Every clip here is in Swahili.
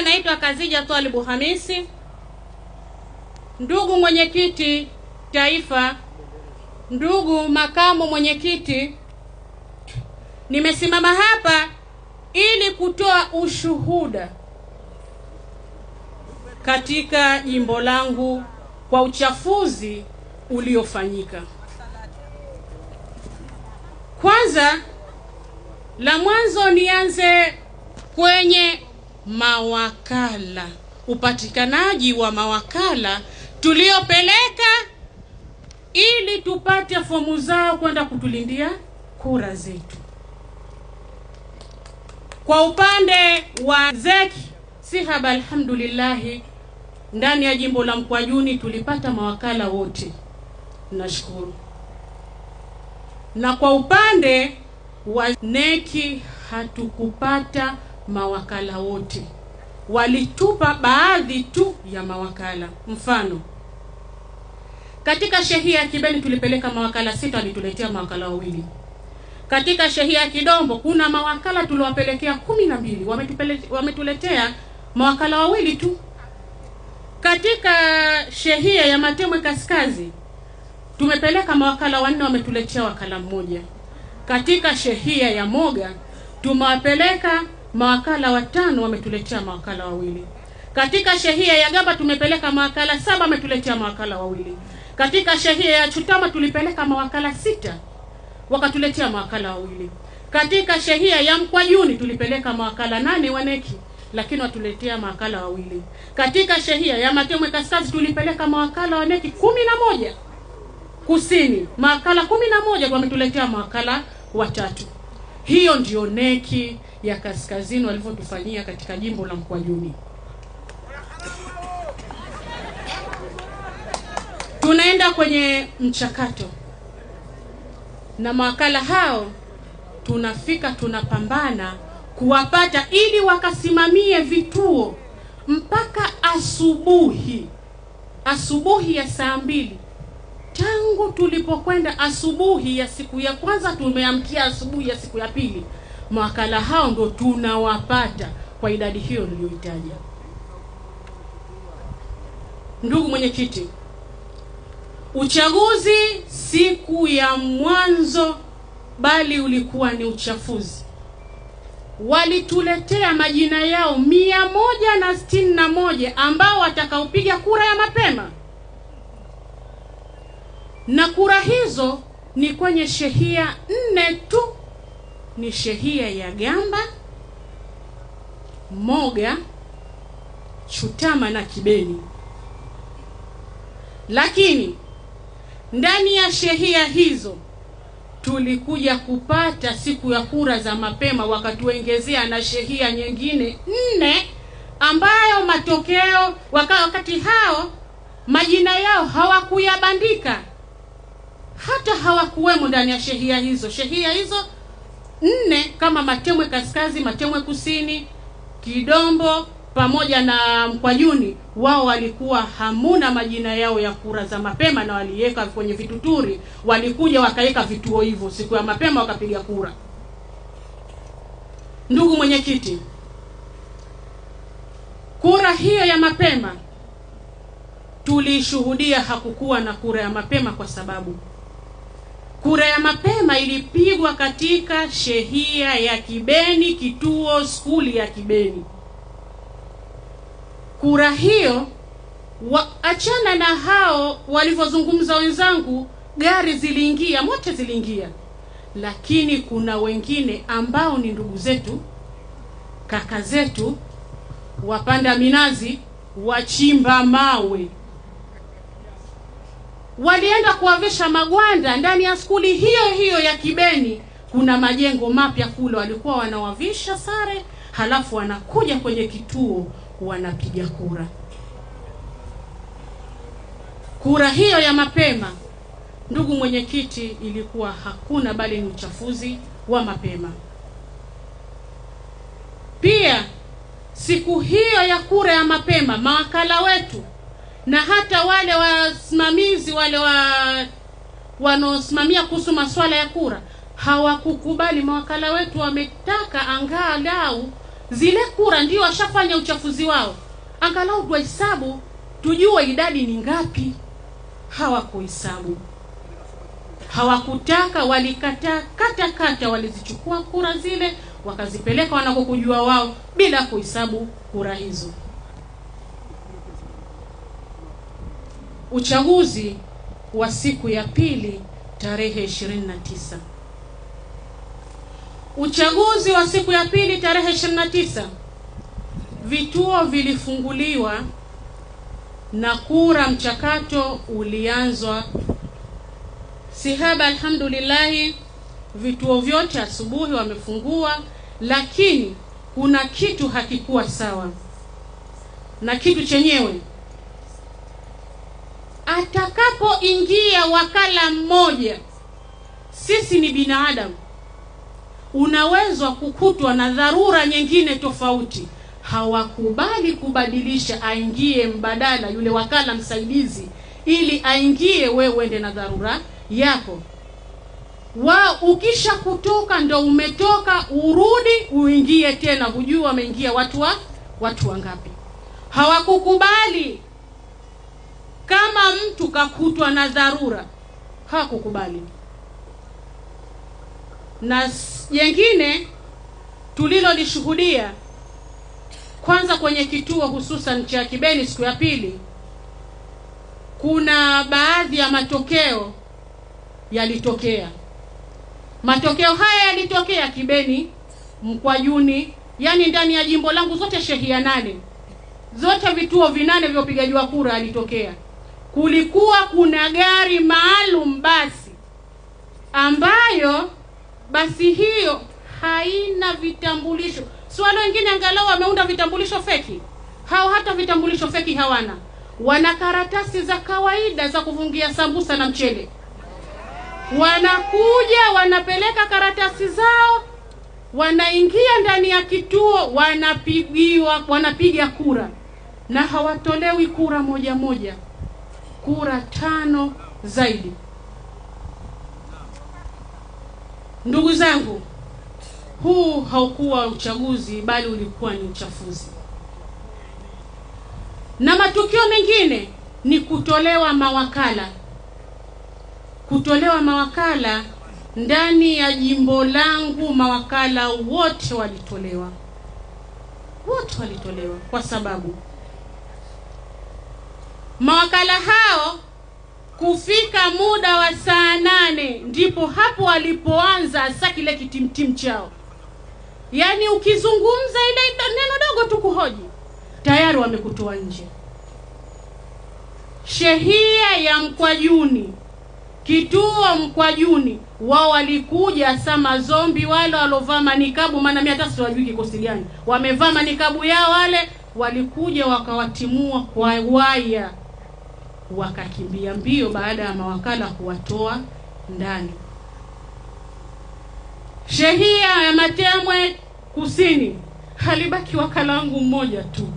anaitwa Kazija Twalibu Hamisi. Ndugu mwenyekiti taifa, ndugu makamu mwenyekiti, nimesimama hapa ili kutoa ushuhuda katika jimbo langu kwa uchafuzi uliofanyika. Kwanza la mwanzo nianze kwenye mawakala, upatikanaji wa mawakala tuliopeleka ili tupate fomu zao kwenda kutulindia kura zetu. Kwa upande wa zeki sihaba, alhamdulillahi, ndani ya jimbo la Mkwajuni tulipata mawakala wote, nashukuru. Na kwa upande wa neki hatukupata mawakala wote walitupa baadhi tu ya mawakala. Mfano, katika shehia ya Kibeni tulipeleka mawakala sita, walituletea mawakala wawili. Katika shehia ya Kidombo kuna mawakala tuliwapelekea kumi na mbili, wametuletea mawakala wawili tu. Katika shehia ya Matemwe Kaskazi tumepeleka mawakala wanne, wametuletea wakala mmoja. Katika shehia ya Moga tumewapeleka mawakala watano wametuletea mawakala wawili. Katika shehia ya Gamba tumepeleka mawakala saba, wametuletea mawakala wawili. Katika shehia ya Chutama tulipeleka mawakala sita, wakatuletea mawakala wawili. Katika shehia ya Mkwajuni tulipeleka mawakala nane wa neki, lakini watuletea mawakala wawili. Katika shehia ya Matemwe Kaskazi tulipeleka mawakala wa neki kumi na moja kusini mawakala kumi na moja wametuletea mawakala watatu. Hiyo ndio neki ya kaskazini walivyotufanyia katika jimbo la Mkwajuni. Tunaenda kwenye mchakato na mawakala hao, tunafika tunapambana kuwapata ili wakasimamie vituo mpaka asubuhi, asubuhi ya saa mbili. Tangu tulipokwenda asubuhi ya siku ya kwanza, tumeamkia asubuhi ya siku ya pili, mawakala hao ndo tunawapata kwa idadi hiyo niliyoitaja. Ndugu mwenyekiti, uchaguzi siku ya mwanzo, bali ulikuwa ni uchafuzi. Walituletea majina yao mia moja na sitini na moja ambao watakaopiga kura ya mapema, na kura hizo ni kwenye shehia nne tu ni shehia ya Gamba, Moga, Chutama na Kibeni. Lakini ndani ya shehia hizo tulikuja kupata siku ya kura za mapema, wakatuongezea na shehia nyingine nne, ambayo matokeo waka wakati hao majina yao hawakuyabandika, hata hawakuwemo ndani ya shehia hizo. Shehia hizo nne kama Matemwe Kaskazini, Matemwe Kusini, Kidombo pamoja na Mkwajuni, wao walikuwa hamuna majina yao ya kura za mapema, na waliweka kwenye vituturi, walikuja wakaweka vituo hivyo siku ya mapema wakapiga kura. Ndugu mwenyekiti, kura hiyo ya mapema tuliishuhudia, hakukuwa na kura ya mapema kwa sababu Kura ya mapema ilipigwa katika shehia ya Kibeni, kituo skuli ya Kibeni. Kura hiyo wa, achana na hao walivyozungumza wenzangu, gari ziliingia mote, ziliingia lakini kuna wengine ambao ni ndugu zetu, kaka zetu, wapanda minazi, wachimba mawe walienda kuwavisha magwanda ndani ya skuli hiyo hiyo ya Kibeni. Kuna majengo mapya kule, walikuwa wanawavisha sare, halafu wanakuja kwenye kituo wanapiga kura. Kura hiyo ya mapema, ndugu mwenyekiti, ilikuwa hakuna bali ni uchafuzi wa mapema. Pia siku hiyo ya kura ya mapema, mawakala wetu na hata wale wasimamizi wale wa wanaosimamia kuhusu masuala ya kura hawakukubali. Mawakala wetu wametaka angalau zile kura, ndio washafanya uchafuzi wao, angalau hesabu tujue idadi ni ngapi. Hawakuhesabu, hawakutaka, walikataa kata kata. Walizichukua kura zile wakazipeleka wanakokujua wao bila kuhesabu kura hizo. uchaguzi wa siku ya pili tarehe 29. Uchaguzi wa siku ya pili tarehe 29, vituo vilifunguliwa na kura mchakato ulianzwa. Sihaba, alhamdulillahi, vituo vyote asubuhi wamefungua, lakini kuna kitu hakikuwa sawa, na kitu chenyewe atakapoingia wakala mmoja, sisi ni binadamu, unaweza kukutwa na dharura nyingine tofauti. Hawakubali kubadilisha, aingie mbadala yule wakala msaidizi, ili aingie, wewe uende na dharura yako wa ukisha kutoka ndo umetoka, urudi uingie tena, hujui wameingia watu wa watu wangapi. Hawakukubali kama mtu kakutwa na dharura hakukubali. Na jengine tulilolishuhudia kwanza kwenye kituo hususan cha Kibeni siku ya pili, kuna baadhi ya matokeo yalitokea. Matokeo haya yalitokea Kibeni, Mkwajuni, yani ndani ya jimbo langu zote shehia nane, zote vituo vinane vya upigaji wa kura yalitokea kulikuwa kuna gari maalum basi ambayo basi hiyo haina vitambulisho. Si wale wengine angalau wameunda vitambulisho feki, hao hata vitambulisho feki hawana, wana karatasi za kawaida za kufungia sambusa na mchele. Wanakuja wanapeleka karatasi zao, wanaingia ndani ya kituo, wanapigiwa, wanapiga kura na hawatolewi kura moja moja kura tano zaidi. Ndugu zangu, huu haukuwa uchaguzi bali ulikuwa ni uchafuzi. Na matukio mengine ni kutolewa mawakala, kutolewa mawakala ndani ya jimbo langu. Mawakala wote walitolewa, wote walitolewa kwa sababu Mawakala hao kufika muda wa saa nane ndipo hapo walipoanza hasa kile kitimtim chao, yaani ukizungumza ile neno dogo tu kuhoji tayari wamekutoa nje. Shehia ya Mkwajuni, kituo Mkwajuni, wao walikuja sama zombi wale walovaa manikabu, maana mimi hata siwajui kikosi gani, wamevaa manikabu yao wale, walikuja wakawatimua kwa waya wakakimbia mbio baada ya mawakala kuwatoa ndani. Shehia ya Matemwe Kusini halibaki wakala wangu mmoja tu.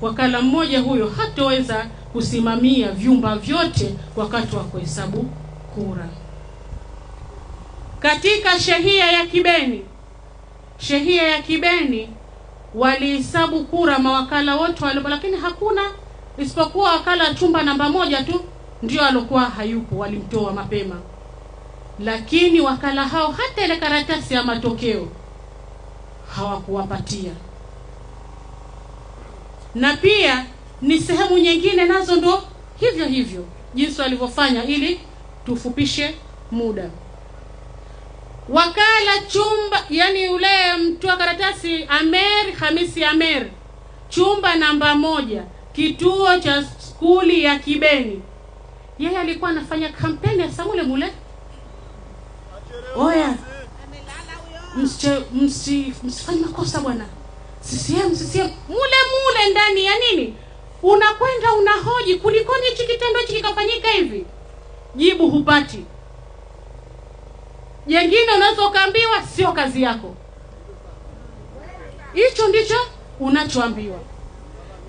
Wakala mmoja huyo hatoweza kusimamia vyumba vyote wakati wa kuhesabu kura. Katika shehia ya Kibeni, shehia ya Kibeni walihesabu kura mawakala wote walipo, lakini hakuna isipokuwa wakala chumba namba moja tu ndio alokuwa hayupo, walimtoa mapema. Lakini wakala hao hata ile karatasi ya matokeo hawakuwapatia. Na pia ni sehemu nyingine nazo ndo hivyo hivyo, jinsi walivyofanya ili tufupishe muda. Wakala chumba, yani ule mtu wa karatasi Amer Hamisi Amer, chumba namba moja kituo cha skuli ya Kibeni. Yeye alikuwa anafanya kampeni ya Samuel Mule. Oya, msifanye msi, makosa bwana. CCM CCM mule mule ndani ya nini? Unakwenda unahoji kulikoni hichi kitendo hichi kikafanyika hivi? Jibu hupati. Jengine unaweza ukaambiwa sio kazi yako. Hicho ndicho unachoambiwa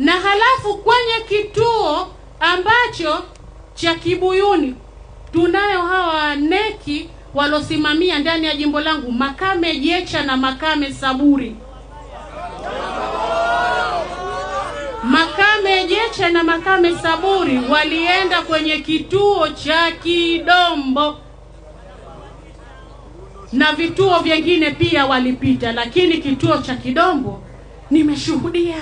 na halafu kwenye kituo ambacho cha Kibuyuni tunayo hawa neki walosimamia ndani ya jimbo langu Makame Jecha na Makame Saburi. Makame Jecha na Makame Saburi walienda kwenye kituo cha Kidombo na vituo vyengine pia walipita, lakini kituo cha Kidombo nimeshuhudia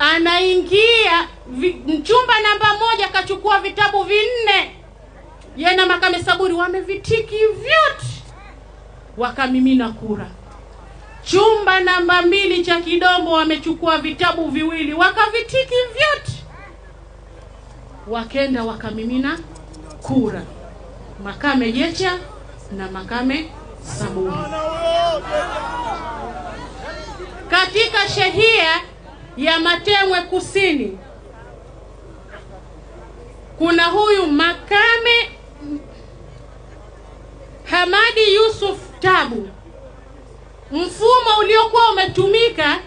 anaingia chumba namba moja, akachukua vitabu vinne, yeye na Makame Saburi wamevitiki vyote, wakamimina kura. Chumba namba mbili cha Kidombo wamechukua vitabu viwili, wakavitiki vyote, wakenda wakamimina kura, Makame Jecha na Makame Saburi. Katika shehia ya Matemwe Kusini kuna huyu Makame Hamadi Yusuf Tabu. Mfumo uliokuwa umetumika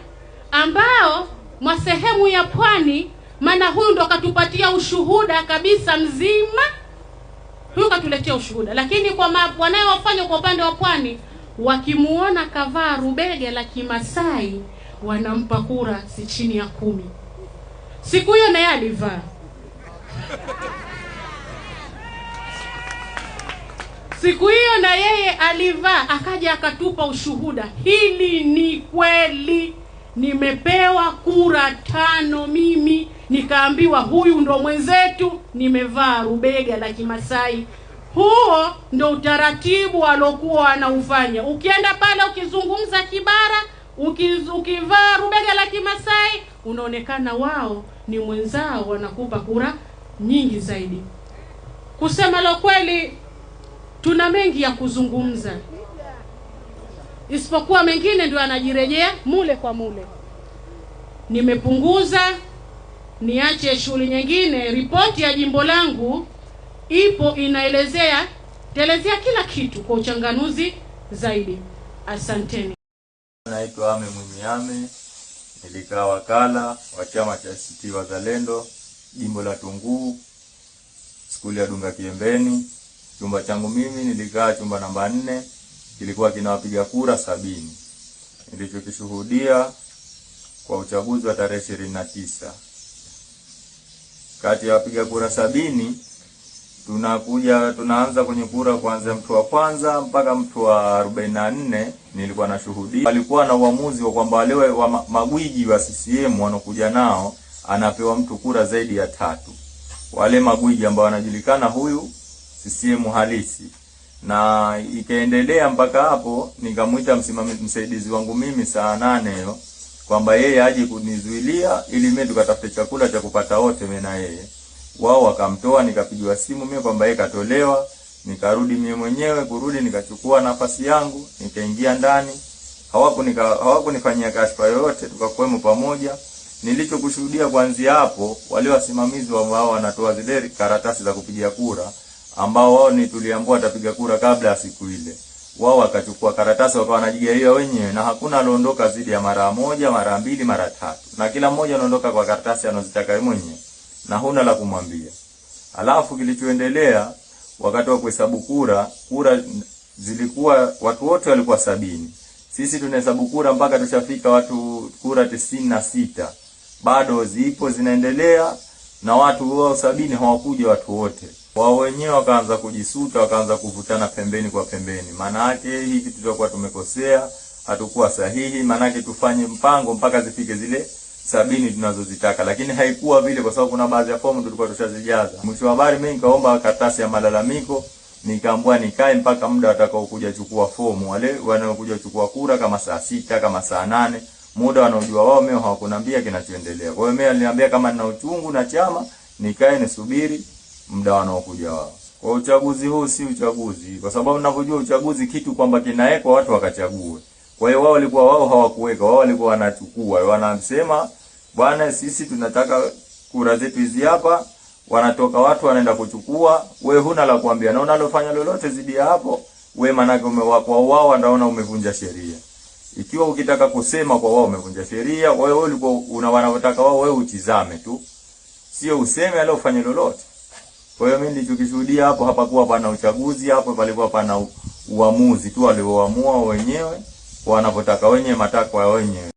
ambao mwa sehemu ya pwani, maana huyu ndo akatupatia ushuhuda kabisa mzima, huyu katuletea ushuhuda, lakini kwa wanayowafanya kwa upande wa pwani, wakimuona kavaa rubege la Kimasai wanampa kura si chini ya kumi. Siku hiyo naye alivaa siku hiyo na yeye alivaa, akaja akatupa ushuhuda, hili ni kweli, nimepewa kura tano mimi, nikaambiwa huyu ndo mwenzetu, nimevaa rubega la Kimasai. Huo ndo utaratibu alokuwa anaufanya. Ukienda pale ukizungumza Kibara ukivaa rubega la Kimasai unaonekana wao ni mwenzao, wanakupa kura nyingi zaidi. Kusema la kweli, tuna mengi ya kuzungumza, isipokuwa mengine ndio anajirejea mule kwa mule. Nimepunguza niache shughuli nyingine. Ripoti ya jimbo langu ipo inaelezea telezea kila kitu kwa uchanganuzi zaidi. Asanteni. Naitwa Ame mwimiame nilikaa wakala wa chama cha ACT Wazalendo jimbo la Tunguu, skuli ya Dunga Kiembeni. Chumba changu mimi nilikaa chumba namba nne, kilikuwa kina wapiga kura sabini. Nilichokishuhudia kwa uchaguzi wa tarehe ishirini na tisa kati ya wapiga kura sabini tunakuja tunaanza kwenye kura kuanzia mtu wa kwanza mpaka mtu wa arobaini na nne nilikuwa nashuhudia, walikuwa na uamuzi wa kwamba wale wa magwiji wa CCM wanaokuja nao anapewa mtu kura zaidi ya tatu, wale magwiji ambao wanajulikana huyu CCM halisi, na ikaendelea mpaka hapo nikamwita msimamizi msaidizi wangu mimi saa nane hiyo kwamba yeye aje kunizuilia ili mimi tukatafute chakula cha kupata wote mimi na yeye wao wakamtoa, nikapigiwa simu mimi kwamba yeye katolewa. Nikarudi mimi mwenyewe, kurudi nikachukua nafasi yangu, nikaingia ndani. Hawakunifanyia hawaku kashfa yoyote, tukakwemo pamoja. Nilichokushuhudia kuanzia hapo, wale wasimamizi wao wanatoa zile karatasi za kupigia kura, ambao wao ni tuliambiwa atapiga kura kabla ya siku ile, wao wakachukua karatasi wakawa wanajigaia wenyewe, na hakuna aliondoka zidi ya mara moja, mara mbili, mara tatu, na kila mmoja anaondoka kwa karatasi anazitaka yeye mwenyewe na huna la kumwambia. Alafu kilichoendelea wakati wa kuhesabu kura, kura zilikuwa watu wote walikuwa sabini. Sisi tunahesabu kura mpaka tushafika watu kura tisini na sita, bado zipo zinaendelea, na watu wao sabini hawakuja watu wote wao wenyewe wakaanza kujisuta, wakaanza kuvutana pembeni kwa pembeni. Maana yake hii kitu tutakuwa tumekosea, hatukuwa sahihi, maana yake tufanye mpango mpaka zifike zile sabini tunazozitaka, lakini haikuwa vile, kwa sababu kuna baadhi ya fomu tulikuwa tushazijaza. Mwisho wa habari, mimi nikaomba karatasi ya malalamiko, nikaambiwa nikae mpaka muda watakao kuja kuchukua fomu, wale wanaokuja chukua kura, kama saa sita kama saa nane muda wanaojua wao. Mimi hawakuniambia kinachoendelea. Kwa hiyo mimi aliniambia kama nina uchungu na chama nikae nisubiri muda wanaokuja wao. Kwa uchaguzi huu si uchaguzi, kwa sababu ninavyojua uchaguzi kitu kwamba kinawekwa watu wakachague kwa hiyo wao walikuwa wao hawakuweka, wao walikuwa wanachukua, wanasema bwana, sisi tunataka kura zetu hizi hapa. Wanatoka watu wanaenda kuchukua, we huna la kuambia na unalofanya lolote zidi ya hapo we, manake kwa wao wanaona umevunja sheria. Ikiwa ukitaka kusema kwa wao umevunja sheria, kwa hiyo ulikuwa una wanataka wao, wewe utizame tu, sio useme aliofanya lolote. Kwa hiyo mimi nilichokishuhudia hapo, hapakuwa pana uchaguzi hapo, palikuwa pana uamuzi tu walioamua wenyewe wanavyotaka wenye matakwa ya wenye.